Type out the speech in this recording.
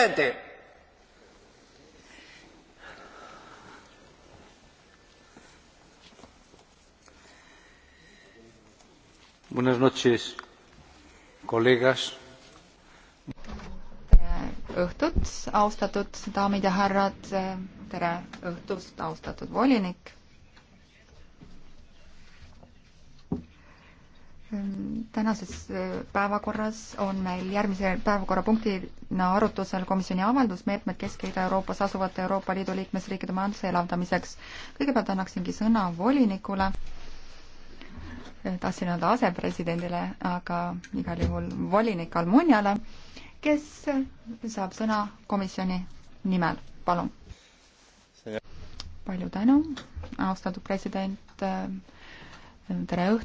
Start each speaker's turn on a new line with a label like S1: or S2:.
S1: Presidente.
S2: Buenas noches, colegas.
S3: õhtut, austatud daamid ja härrad, tere õhtust, austatud volinik. tänases päevakorras on meil järgmise päevakorrapunkti arutusel komisjoni avaldus meetmed Kesk- ja Ida-Euroopas asuvate Euroopa Liidu liikmesriikide majanduse elavdamiseks. kõigepealt annaksingi sõna volinikule, eh, tahtsin öelda asepresidendile, aga igal juhul volinik Almuniale, kes saab sõna komisjoni nimel, palun. palju tänu, austatud president, eh, tere õhtust!